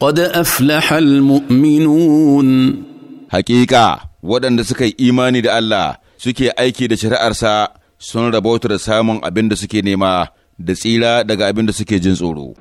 قد أفلح المؤمنون Haƙiƙa, waɗanda suka yi imani da Allah suke aiki da shari'arsa sun rabauta da samun abin da suke nema da tsira daga abin da suke jin tsoro.